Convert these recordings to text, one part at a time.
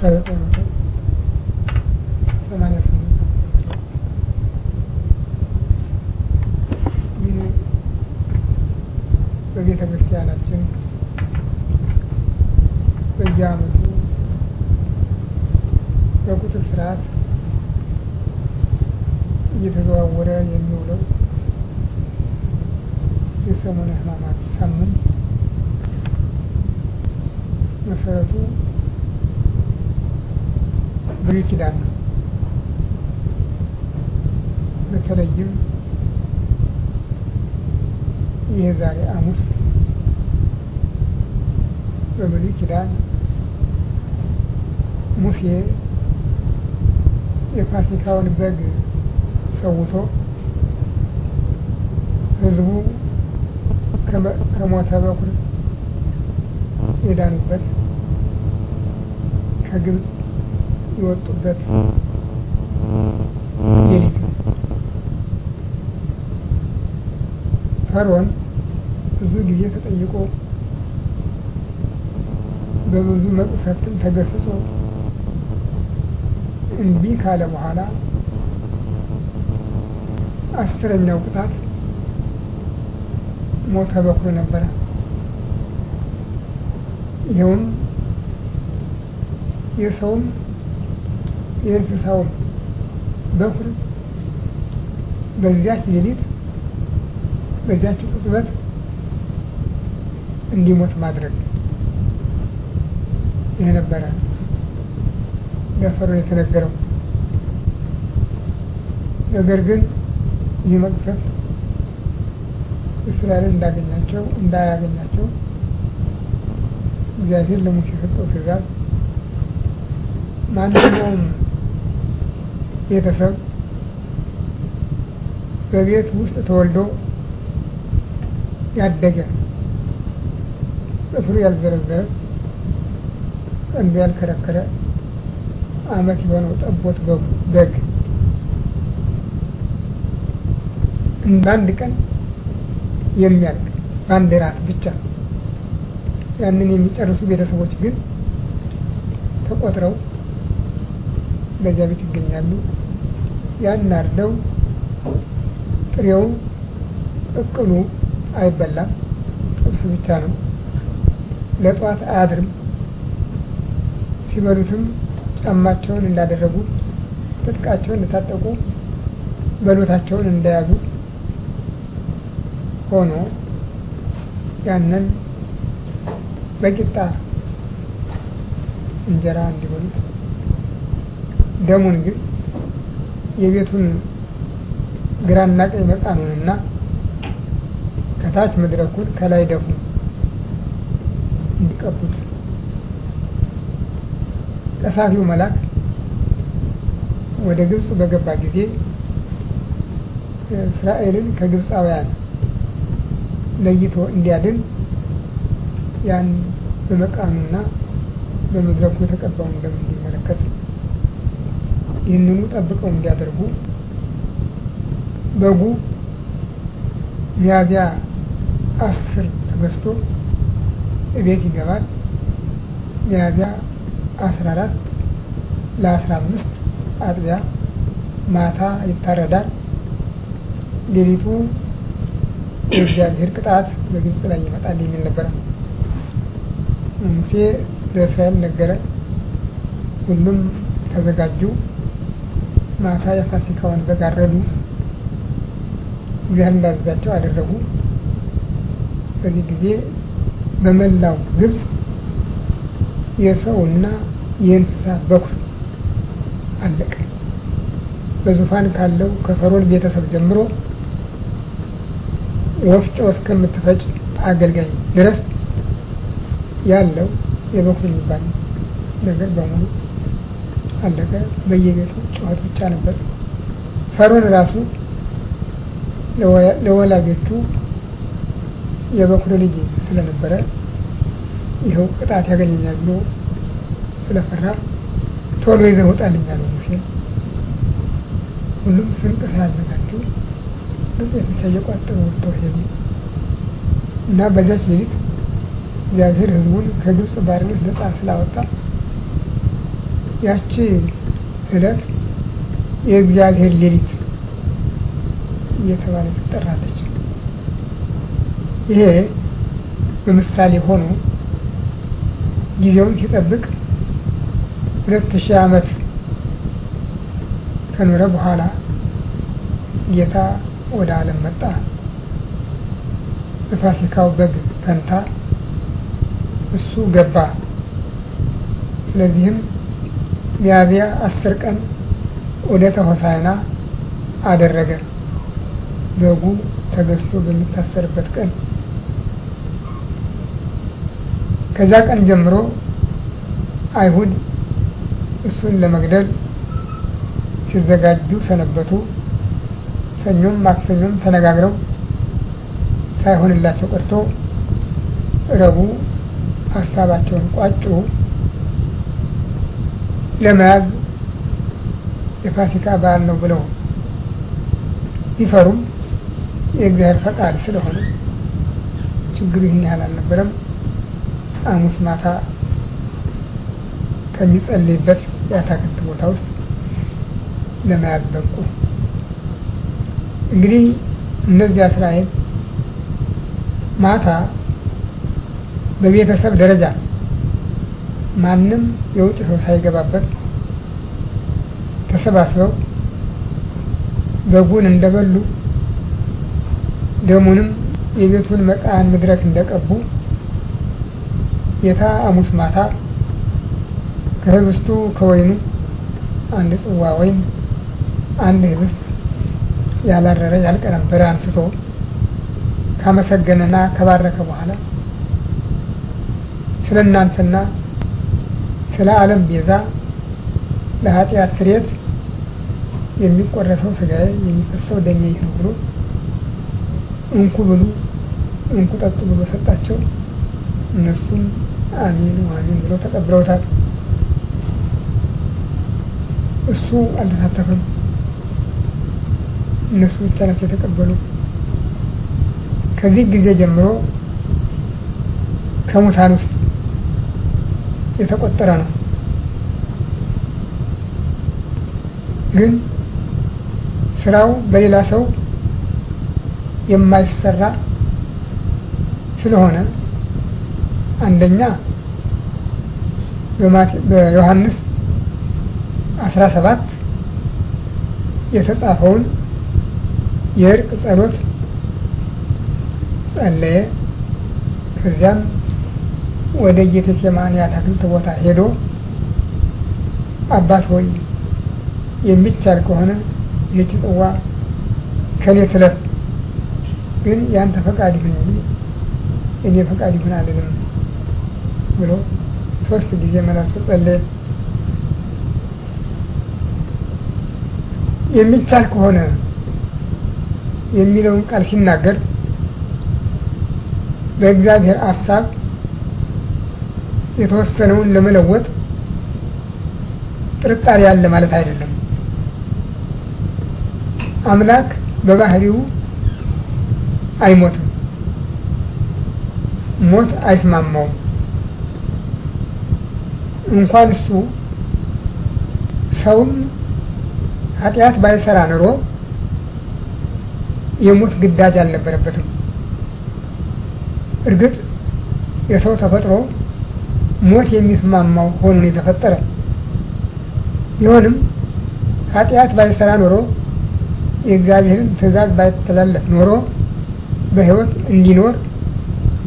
嗯嗯嗯。እንግዲህ የዛሬ አሙስ በብሉይ ኪዳን ሙሴ የፋሲካውን በግ ሰውቶ ህዝቡ ከሞተ በኩር የዳኑበት ከግብፅ የወጡበት ሌሊት ነው። ፈርዖን ብዙ ጊዜ ተጠይቆ በብዙ መቅሰፍትም ተገስጾ እምቢ ካለ በኋላ አስረኛው ቅጣት ሞተ በኩር ነበረ። ይኸውም የሰውም የእንስሳውም በኩር በዚያች ሌሊት በዚያች ቅጽበት እንዲሞት ማድረግ ይህ ነበረ ለፈርዖን የተነገረው። ነገር ግን ይህ መቅሰፍት እስራኤልን እንዳገኛቸው እንዳያገኛቸው እግዚአብሔር ለሙሴ የሰጠው ትእዛዝ ማንኛውም ቤተሰብ በቤት ውስጥ ተወልዶ ያደገ ጽፍር ያልዘረዘረ ቀንዱ ያልከረከረ አመት የሆነው ጠቦት በግ በአንድ ቀን የሚያልቅ በአንድ ራት ብቻ ያንን የሚጨርሱ ቤተሰቦች ግን ተቆጥረው በዚያ ቤት ይገኛሉ። ያን አርደው ጥሬው እቅሉ አይበላም፣ ጥብስ ብቻ ነው። ለጠዋት አያድርም። ሲበሉትም ጫማቸውን እንዳደረጉ፣ ትጥቃቸውን እንደታጠቁ፣ በሎታቸውን እንደያዙ ሆኖ ያንን በቂጣ እንጀራ እንዲበሉት ደሙን ግን የቤቱን ግራና ቀኝ መቃኑንና ከታች መድረኩን ከላይ ደፉ ቀቡት። ቀሳፊው መልአክ ወደ ግብፅ በገባ ጊዜ እስራኤልን ከግብፃውያን ለይቶ እንዲያድን ያን በመቃኑና በመድረኩ የተቀባው ደም እንዲመለከት ይህንኑ ጠብቀው እንዲያደርጉ በጉ ሚያዝያ አስር ተገዝቶ ቤት ይገባል። ሚያዝያ አስራ አራት ለአስራ አምስት አጥቢያ ማታ ይታረዳል። ሌሊቱ የእግዚአብሔር ቅጣት በግብጽ ላይ ይመጣል የሚል ነበረ። ሙሴ ለእስራኤል ነገረ። ሁሉም ተዘጋጁ። ማታ የፋሲካውን በግ አረዱ። እግዚአብሔር እንዳዘዛቸው አደረጉ። በዚህ ጊዜ በመላው ግብፅ የሰውና የእንስሳት በኩር አለቀ። በዙፋን ካለው ከፈሮን ቤተሰብ ጀምሮ ወፍጮ እስከምትፈጭ አገልጋይ ድረስ ያለው የበኩር የሚባል ነገር በሙሉ አለቀ። በየቤቱ ጩኸት ብቻ ነበር። ፈሮን ራሱ ለወላጆቹ የበኩር ልጅ ስለነበረ ይኸው ቅጣት ያገኘኛል ብሎ ስለፈራ ቶሎ ይዘህ ውጣልኝ አለው ሁሉም ስንቅ ሳያዘጋጁ ዱቄት እየቋጠሩ ወጥተው ሄዱ እና በዛች ሌሊት እግዚአብሔር ሕዝቡን ከግብፅ ባርነት ነፃ ስላወጣ ያቺ ዕለት የእግዚአብሔር ሌሊት እየተባለ ትጠራለች። ይሄ በምሳሌ ሆኖ ጊዜውን ሲጠብቅ ሁለት ሺህ ዓመት ከኖረ በኋላ ጌታ ወደ ዓለም መጣ። በፋሲካው በግ ፈንታ እሱ ገባ። ስለዚህም ሚያዝያ አስር ቀን ወደ ተሆሳይና አደረገ። በጉ ተገዝቶ በሚታሰርበት ቀን ከዛ ቀን ጀምሮ አይሁድ እሱን ለመግደል ሲዘጋጁ ሰነበቱ። ሰኞም ማክሰኞም ተነጋግረው ሳይሆንላቸው ቀርቶ ረቡ ሀሳባቸውን ቋጩ። ለመያዝ የፋሲካ በዓል ነው ብለው ቢፈሩም የእግዚአብሔር ፈቃድ ስለሆነ ችግሩ ይህን ያህል አልነበረም። አሙስ ማታ ከሚጸልይበት የአታክልት ቦታ ውስጥ ለመያዝ በቁ። እንግዲህ እነዚያ እስራኤል ማታ በቤተሰብ ደረጃ ማንም የውጭ ሰው ሳይገባበት ተሰባስበው በጉን እንደበሉ ደሙንም የቤቱን መቃን መድረክ እንደቀቡ ጌታ አሙስ ማታ ከህብስቱ ከወይኑ አንድ ጽዋ ወይም አንድ ህብስት ያላረረ ያልቀረበረ አንስቶ ካመሰገነና ከባረከ በኋላ ስለ እናንተና ስለ ዓለም ቤዛ ለኃጢአት ስርየት የሚቆረሰው ስጋዬ የሚፈሰው ደሜ ይህ ነው ብሎ እንኩ ብሉ እንኩ ጠጡ ብሎ ሰጣቸው። እነሱም አሚን አሚን ብለው ተቀብለውታል እሱ አልተሳተፈም እነሱ ብቻ ናቸው የተቀበሉ ከዚህ ጊዜ ጀምሮ ከሙታን ውስጥ የተቆጠረ ነው ግን ስራው በሌላ ሰው የማይሰራ ስለሆነ አንደኛ በዮሐንስ አስራ ሰባት የተጻፈውን የእርቅ ጸሎት ጸለየ። ከዚያም ወደ ጌቴሴማኒ አትክልት ቦታ ሄዶ አባት ሆይ የሚቻል ከሆነ ይህች ጽዋ ከኔ ትለፍ፣ ግን ያንተ ፈቃድ ይሁን እንጂ እኔ ፈቃድ ይሁን አልልም ብሎ ሶስት ጊዜ መላሱ ጸለየ። የሚቻል ከሆነ የሚለውን ቃል ሲናገር በእግዚአብሔር አሳብ የተወሰነውን ለመለወጥ ጥርጣሬ አለ ማለት አይደለም። አምላክ በባህሪው አይሞትም፣ ሞት አይስማማውም። እንኳን እሱ ሰውም ኃጢአት ባይሰራ ኑሮ የሞት ግዳጅ አልነበረበትም። እርግጥ የሰው ተፈጥሮ ሞት የሚስማማው ሆኖ የተፈጠረ ቢሆንም ኃጢአት ባይሰራ ኖሮ የእግዚአብሔርን ትእዛዝ ባይተላለፍ ኖሮ በሕይወት እንዲኖር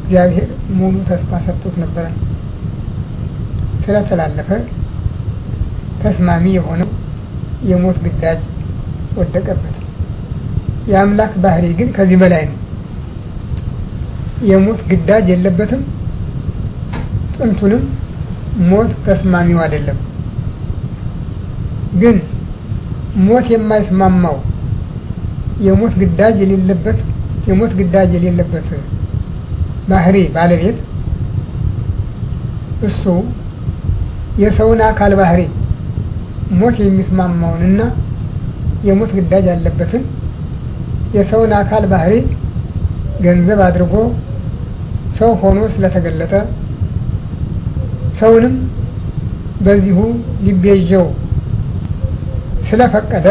እግዚአብሔር ሙሉ ተስፋ ሰጥቶት ነበረ። ስለተላለፈ ተስማሚ የሆነው የሞት ግዳጅ ወደቀበት። የአምላክ ባህሪ ግን ከዚህ በላይ ነው። የሞት ግዳጅ የለበትም። ጥንቱንም ሞት ተስማሚው አይደለም። ግን ሞት የማይስማማው የሞት ግዳጅ የሌለበት የሞት ግዳጅ የሌለበት ባህሪ ባለቤት እሱ የሰውን አካል ባህሪ ሞት የሚስማማውንና የሞት ግዳጅ ያለበትን የሰውን አካል ባህሪ ገንዘብ አድርጎ ሰው ሆኖ ስለተገለጠ ሰውንም በዚሁ ሊቤዠው ስለፈቀደ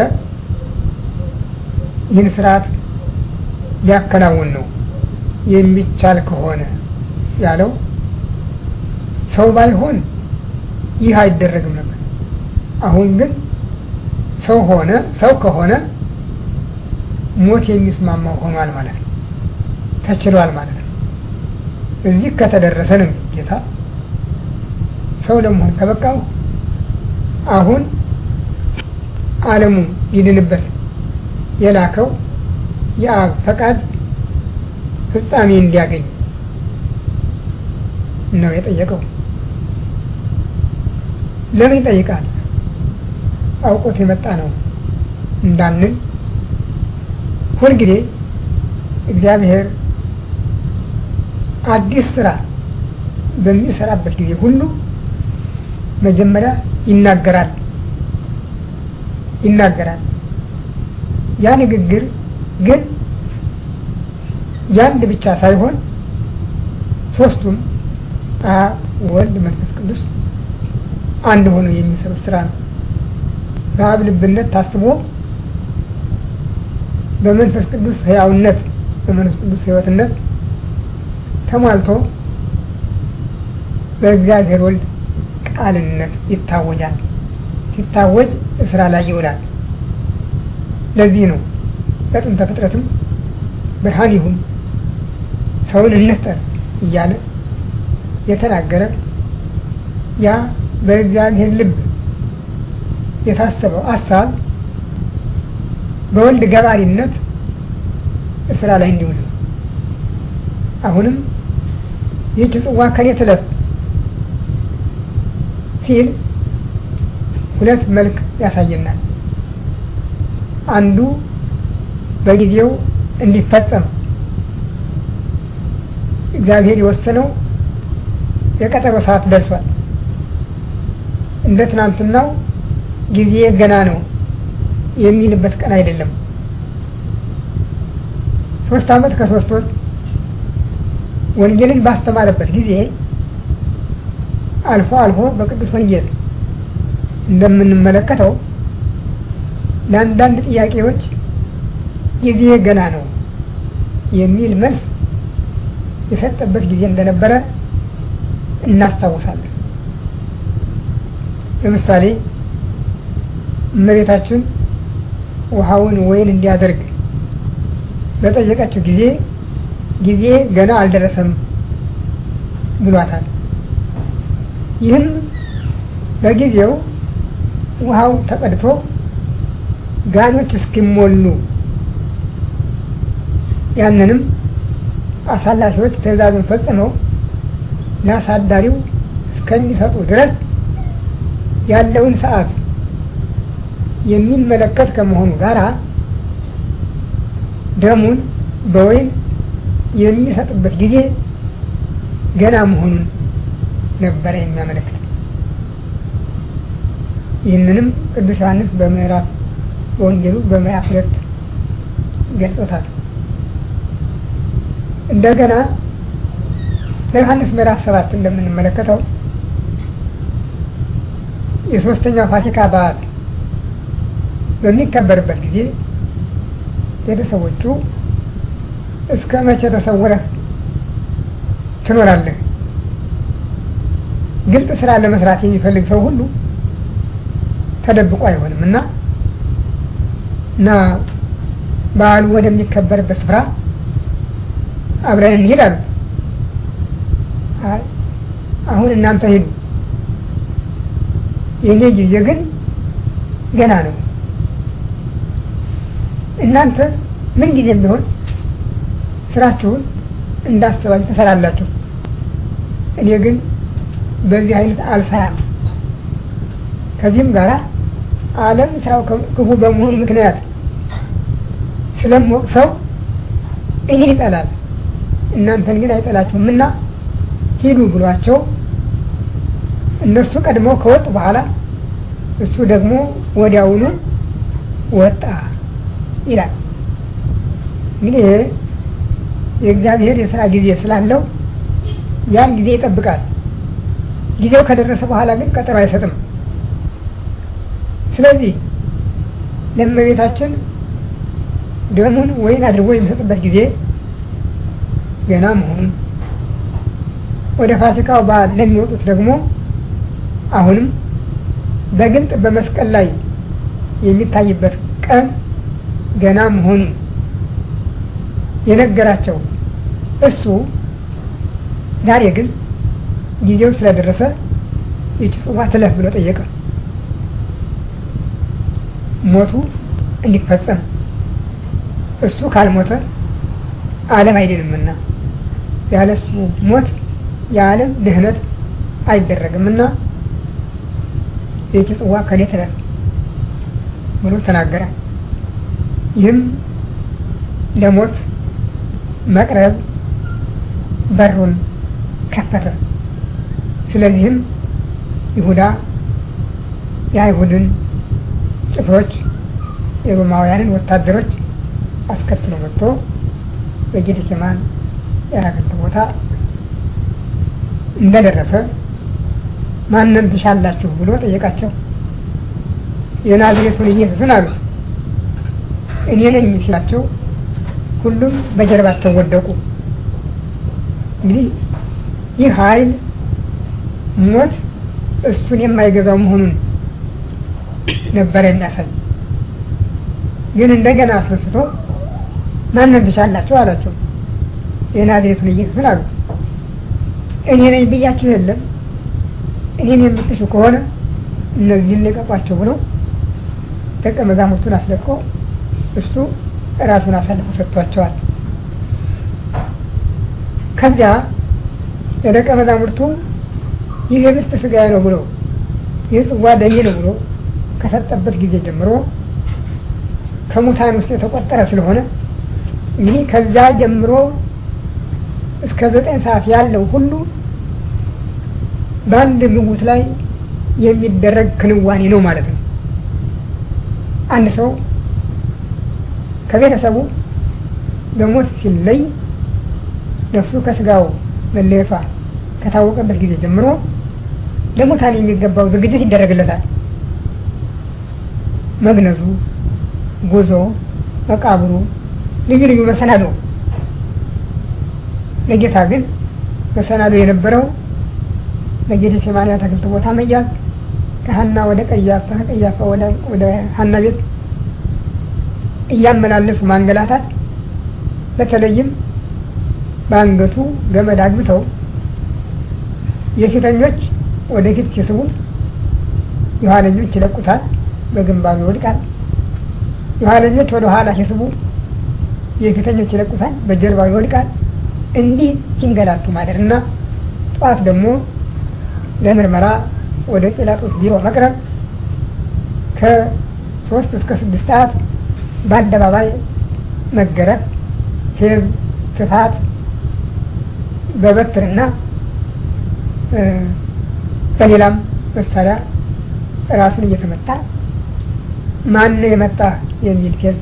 ይህን ስርዓት ሊያከናውን ነው የሚቻል ከሆነ ያለው ሰው ባይሆን ይህ አይደረግም ነበር። አሁን ግን ሰው ሆነ ሰው ከሆነ ሞት የሚስማማው ሆኗል ማለት ነው። ተችሏል ማለት ነው። እዚህ ከተደረሰ ነው ጌታ ሰው ለመሆን ከበቃው አሁን ዓለሙ ይድንበት የላከው የአብ ፈቃድ ፍጻሜ እንዲያገኝ ነው የጠየቀው። ለምን ይጠይቃል? አውቆት የመጣ ነው እንዳንን ሁልጊዜ እግዚአብሔር አዲስ ስራ በሚሰራበት ጊዜ ሁሉ መጀመሪያ ይናገራል ይናገራል። ያ ንግግር ግን ያንድ ብቻ ሳይሆን ሶስቱም አብ፣ ወልድ፣ መንፈስ ቅዱስ አንድ ሆነው የሚሰሩት ስራ ነው። በአብ ልብነት ታስቦ በመንፈስ ቅዱስ ህያውነት በመንፈስ ቅዱስ ህይወትነት ተሟልቶ በእግዚአብሔር ወልድ ቃልነት ይታወጃል። ሲታወጅ እስራ ላይ ይውላል። ለዚህ ነው በጥንተ ፍጥረትም ብርሃን ይሁን ሰውን እንፍጠር እያለ የተናገረ ያ በእግዚአብሔር ልብ የታሰበው አሳብ በወልድ ገባሪነት ስራ ላይ እንዲውል አሁንም ይህች ጽዋ ከኔ ትለፍ ሲል ሁለት መልክ ያሳየናል። አንዱ በጊዜው እንዲፈጸም እግዚአብሔር የወሰነው የቀጠሮ ሰዓት ደርሷል። እንደ ትናንትናው ጊዜ ገና ነው የሚልበት ቀን አይደለም። ሶስት አመት ከሶስት ወር ወንጌልን ባስተማረበት ጊዜ አልፎ አልፎ በቅዱስ ወንጌል እንደምንመለከተው ለአንዳንድ ጥያቄዎች ጊዜ ገና ነው የሚል መልስ የሰጠበት ጊዜ እንደነበረ እናስታውሳለን። ለምሳሌ እመቤታችን ውሃውን ወይን እንዲያደርግ በጠየቀችው ጊዜ ጊዜ ገና አልደረሰም ብሏታል። ይህም በጊዜው ውሃው ተቀድቶ ጋኖች እስኪሞሉ ያንንም አሳላፊዎች ትዕዛዙን ፈጽመው ለአሳዳሪው እስከሚሰጡ ድረስ ያለውን ሰዓት የሚመለከት ከመሆኑ ጋር ደሙን በወይን የሚሰጥበት ጊዜ ገና መሆኑን ነበረ የሚያመለክት። ይህንንም ቅዱስ ዮሐንስ በምዕራፍ በወንጌሉ በምዕራፍ ሁለት ገልጾታል። እንደገና ለዮሐንስ ምዕራፍ ሰባት እንደምንመለከተው የሶስተኛው ፋሲካ በዓል በሚከበርበት ጊዜ ቤተሰቦቹ እስከ መቼ ተሰውረህ ትኖራለህ? ግልጥ ስራ ለመስራት የሚፈልግ ሰው ሁሉ ተደብቆ አይሆንም እና እና በዓሉ ወደሚከበርበት ስፍራ አብረን እንሄድ አሁን እናንተ ሄዱ የኔ ጊዜ ግን ገና ነው። እናንተ ምን ጊዜም ቢሆን ስራችሁን እንዳስተባል ትሰራላችሁ። እኔ ግን በዚህ አይነት አልሰራም። ከዚህም ጋራ ዓለም ስራው ክፉ በመሆኑ ምክንያት ስለምወቅ ሰው እኔን ይጠላል፣ እናንተን ግን እና ሂዱ ብሏቸው እነሱ ቀድመው ከወጡ በኋላ እሱ ደግሞ ወዲያውኑ ወጣ ይላል። እንግዲህ የእግዚአብሔር የስራ ጊዜ ስላለው ያን ጊዜ ይጠብቃል። ጊዜው ከደረሰ በኋላ ግን ቀጠሮ አይሰጥም። ስለዚህ ለእመቤታችን ደሙን ወይን አድርጎ የሚሰጥበት ጊዜ ገና መሆኑን ወደ ፋሲካው በዓል ለሚወጡት ደግሞ አሁንም በግልጥ በመስቀል ላይ የሚታይበት ቀን ገና መሆኑ የነገራቸው እሱ ዛሬ ግን ጊዜው ስለደረሰ ይቺ ጽዋ ትለፍ ብሎ ጠየቀ። ሞቱ እንዲፈጸም እሱ ካልሞተ ዓለም አይድንምና ያለሱ ሞት የዓለም ድህነት አይደረግምና የእጅ ጽዋ ከኔ ትለፍ ብሎ ተናገረ። ይህም ለሞት መቅረብ በሩን ከፈተ። ስለዚህም ይሁዳ የአይሁድን ጭፍሮች የሮማውያንን ወታደሮች አስከትሎ መጥቶ በጌቴሴማኒ የአትክልት ቦታ እንደደረሰ ማንን ትሻላችሁ ብሎ ጠየቃቸው። የናዝሬቱን ኢየሱስን አሉ። እኔ ነኝ ሲላቸው ሁሉም በጀርባቸው ወደቁ። እንግዲህ ይህ ኃይል ሞት እሱን የማይገዛው መሆኑን ነበር የሚያሳይ። ግን እንደገና አስነስቶ ማንን ትሻላችሁ አላቸው። የናዝሬቱን ኢየሱስን አሉ። እኔ ነኝ ብያችሁ የለም ይህን የምትሹ ከሆነ እነዚህ ልቀቋቸው ብለው ደቀ መዛሙርቱን አስለቆ እሱ ራሱን አሳልፎ ሰጥቷቸዋል። ከዚያ ለደቀ መዛሙርቱ ይህ የብስጥ ስጋ ነው ብሎ ይህ ጽዋ ደሜ ነው ብሎ ከሰጠበት ጊዜ ጀምሮ ከሙታን ውስጥ የተቆጠረ ስለሆነ እንግዲህ ከዚያ ጀምሮ እስከ ዘጠኝ ሰዓት ያለው ሁሉ በአንድ ልውት ላይ የሚደረግ ክንዋኔ ነው ማለት ነው። አንድ ሰው ከቤተሰቡ በሞት ሲለይ ነፍሱ ከስጋው መለየቷ ከታወቀበት ጊዜ ጀምሮ ለሙታን የሚገባው ዝግጅት ይደረግለታል። መግነዙ፣ ጉዞ፣ መቃብሩ፣ ልዩ ልዩ መሰናዶ። ለጌታ ግን መሰናዶ የነበረው በጌዴሴ አትክልት ቦታ መያዝ፣ ከሀና ወደ ቀያፋ ከቀያፋ ወደ ሀና ቤት እያመላለሱ ማንገላታት፣ በተለይም በአንገቱ ገመድ አግብተው የፊተኞች ወደፊት ሲስቡ የኋለኞች ይለቁታል፣ በግንባሩ ይወድቃል። የኋለኞች ወደ ኋላ ሲስቡ የፊተኞች ይለቁታል፣ በጀርባው ይወድቃል። እንዲህ ሲንገላቱ ማደር እና ጠዋት ደግሞ ለምርመራ ወደ ጲላጦስ ቢሮ መቅረብ ከሶስት እስከ ስድስት ሰዓት በአደባባይ መገረፍ፣ ፌዝ ትፋት፣ በበትርና በሌላም መሳሪያ ራሱን እየተመታ ማን የመጣ የሚል ፌዝ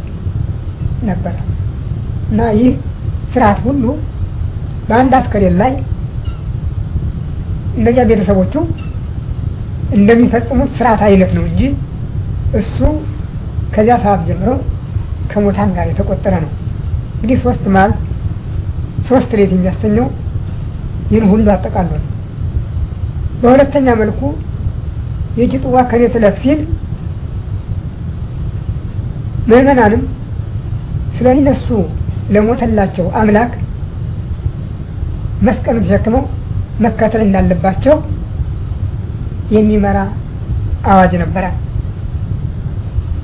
ነበረ እና ይህ ስርዓት ሁሉ በአንድ አስከሬን ላይ እንደኛ ቤተሰቦቹ እንደሚፈጽሙት ስርዓት አይነት ነው እንጂ እሱ ከዚያ ሰዓት ጀምሮ ከሙታን ጋር የተቆጠረ ነው። እንግዲህ ሶስት ማል ሶስት ሌት የሚያስተኘው ይህን ሁሉ አጠቃሉ ነው። በሁለተኛ መልኩ ይህቺ ጥዋ ከቤት ትለፍ ሲል ምዕመናንም ስለ እነሱ ለሞተላቸው አምላክ መስቀሉን ተሸክመው መከተል እንዳለባቸው የሚመራ አዋጅ ነበረ።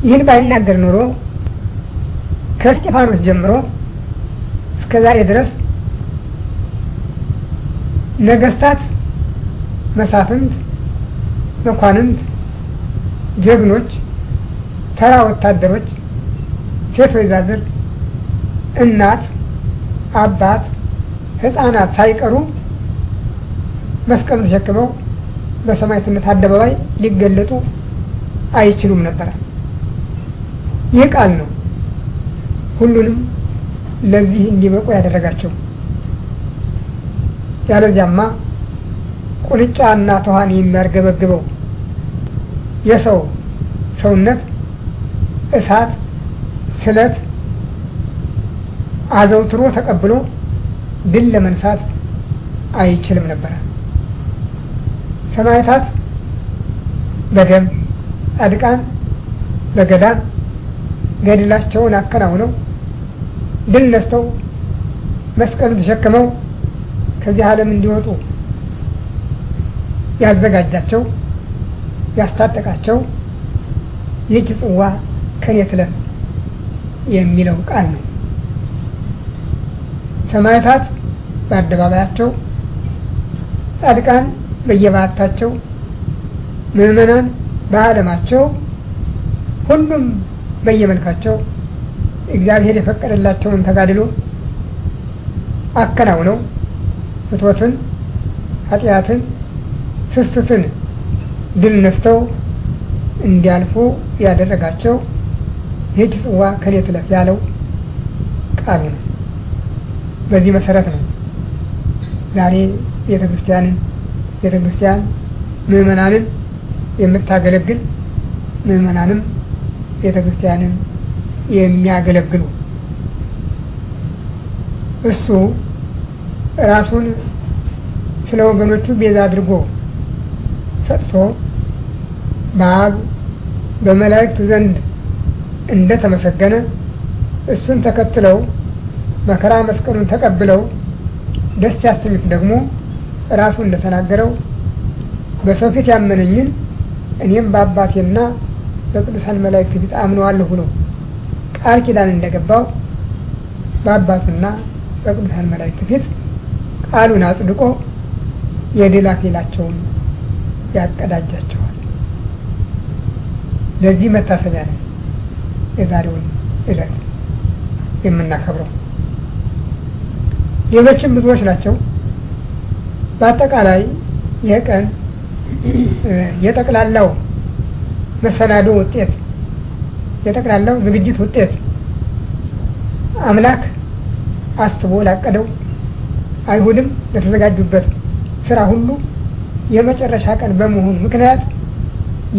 ይህን ባይናገር ኑሮ ከእስጢፋኖስ ጀምሮ እስከ ዛሬ ድረስ ነገስታት፣ መሳፍንት፣ መኳንንት፣ ጀግኖች፣ ተራ ወታደሮች፣ ሴት ወይዛዝር፣ እናት፣ አባት፣ ህፃናት ሳይቀሩ መስቀሉ ተሸክመው በሰማዕትነት አደባባይ ሊገለጡ አይችሉም ነበረ። ይህ ቃል ነው ሁሉንም ለዚህ እንዲበቁ ያደረጋቸው። ያለዚያማ ቁንጫ እና ተኋን የሚያርገበግበው የሰው ሰውነት እሳት፣ ስለት አዘውትሮ ተቀብሎ ድል ለመንሳት አይችልም ነበረ። ሰማያታት በደም አድቃን በገዳም ገድላቸውን አከናውነው ድል ነስተው መስቀሉ ተሸክመው ከዚህ ዓለም እንዲወጡ ያዘጋጃቸው ያስታጠቃቸው ይህች ጽዋ ከኔ ትለፍ የሚለው ቃል ነው። ሰማዕታት በአደባባያቸው ጻድቃን በየባታቸው ምእመናን በአለማቸው ሁሉም በየመልካቸው እግዚአብሔር የፈቀደላቸውን ተጋድሎ አከናውነው ፍትወትን፣ ኃጢአትን፣ ስስትን ድል ነስተው እንዲያልፉ ያደረጋቸው ይህች ጽዋ ከኔ ትለፍ ያለው ቃሉ ነው። በዚህ መሰረት ነው ዛሬ ቤተ ክርስቲያንን ቤተ ክርስቲያን ምዕመናንን የምታገለግል ምዕመናንም ቤተ ክርስቲያንን የሚያገለግሉ እሱ ራሱን ስለ ወገኖቹ ቤዛ አድርጎ ሰጥቶ በአብ በመላእክት ዘንድ እንደተመሰገነ እሱን ተከትለው መከራ መስቀሉን ተቀብለው ደስ ያሰኙት ደግሞ ራሱ እንደተናገረው በሰው ፊት ያመነኝን እኔም በአባቴና በቅዱሳን መላእክት ፊት አምነዋለሁ ነው ቃል ኪዳን እንደገባው በአባቱና በቅዱሳን መላእክት ፊት ቃሉን አጽድቆ የድል አክሊላቸውን ያቀዳጃቸዋል። ለዚህ መታሰቢያ ነው የዛሬውን እለት የምናከብረው። ሌሎችም ብዙዎች ናቸው። በአጠቃላይ ይህ ቀን የጠቅላላው መሰናዶ ውጤት የጠቅላላው ዝግጅት ውጤት አምላክ አስቦ ላቀደው አይሁድም ለተዘጋጁበት ስራ ሁሉ የመጨረሻ ቀን በመሆኑ ምክንያት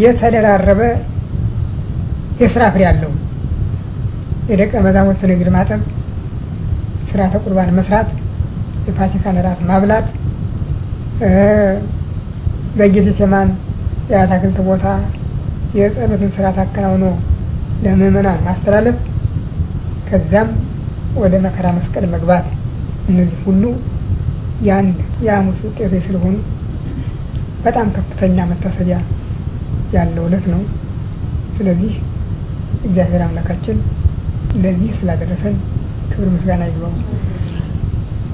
የተደራረበ የስራ ፍሬ አለው። የደቀ መዛሙርት ንግድ ማጠብ፣ ስርዓተ ቁርባን መስራት፣ የፋሲካን እራት ማብላት በጌቴሴማኒ የአታክልት ቦታ የጸሎትን ስርዓት አከናውኖ ለምዕመናን ማስተላለፍ፣ ከዚያም ወደ መከራ መስቀል መግባት፣ እነዚህ ሁሉ የአንድ የሐሙስ ውጤቶች ስለሆኑ በጣም ከፍተኛ መታሰቢያ ያለው ዕለት ነው። ስለዚህ እግዚአብሔር አምላካችን ለዚህ ስላደረሰን ክብር ምስጋና ይግባው።